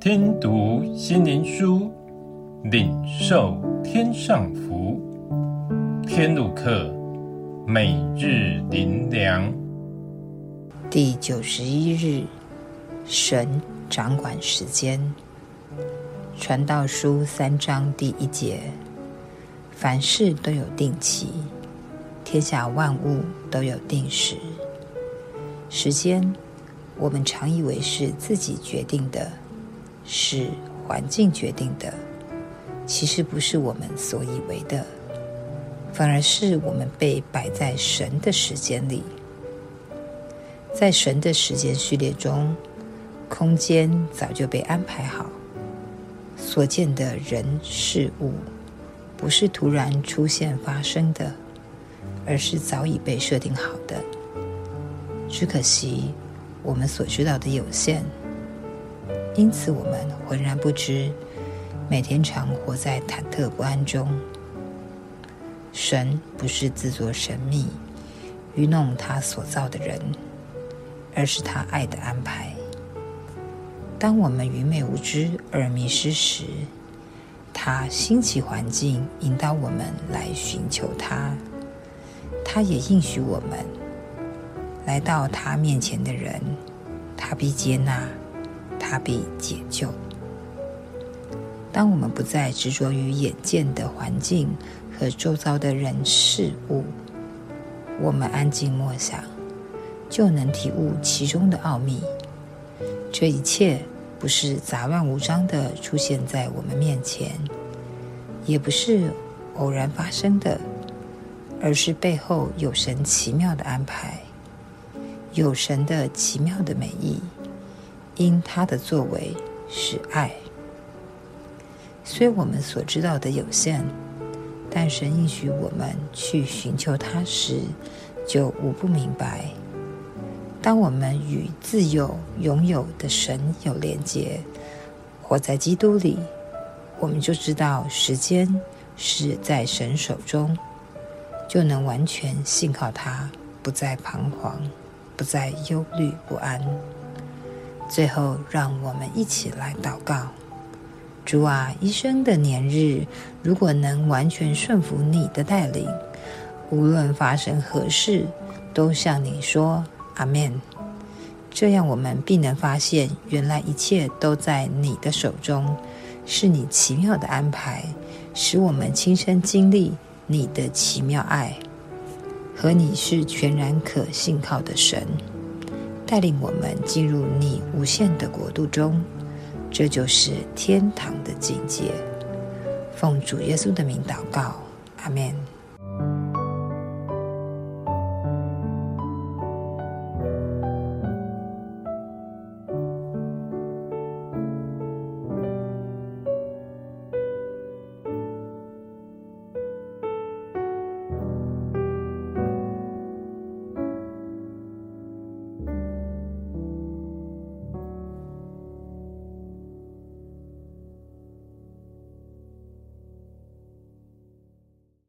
聽讀心靈書，領受天上福。天路客每日靈糧第九十一日，神掌管時間。傳道書三章第一節，凡事都有定期，天下萬務都有定時。時間，我們常以為是自己決定的。是環境決定的，其實不是我們所以為的，反而是我們被擺在神的時間裡，在神的時間序列中，空間早就被安排好，所見的人事物，不是徒然出現發生的，而是早已被設定好的。只可惜，我們所知道的有限。因此，我們渾然不知，每天常活在忐忑不安中。神不是自作神祕，愚弄他所造的人，而是他愛的安排。當我們愚昧無知而迷失時，他興起環境，引導我們來尋求他；他也應許我們，來到他面前的人，他必接納。他必解救。當我們不再執着於眼見的環境和周遭的人事物，我們安靜默想，就能體悟其中的奧秘。這一切不是雜亂無章的出現在我們面前，也不是偶然發生的，而是背後有神奇妙的安排，有神的奇妙的美意。因他的作為是愛，雖我們所知道的有限，但神應許我們去尋求他時，就無不明白。當我們與自有永有的神有連結，活在基督裡，我們就知道時間是在神手中，就能完全信靠他，不再彷徨，不再憂慮不安。最後，讓我們一起來禱告：主啊，一生的年日，如果能完全順服你的帶領，無論發生何事，都向你說“阿們”。這樣，我們必能發現，原來一切都在你的手中，是你奇妙的安排，使我們親身經歷你的奇妙愛，和你是全然可信靠的神。帶領我們進入你無限的國度中，這就是天堂的境界。奉主耶穌的名禱告，阿們。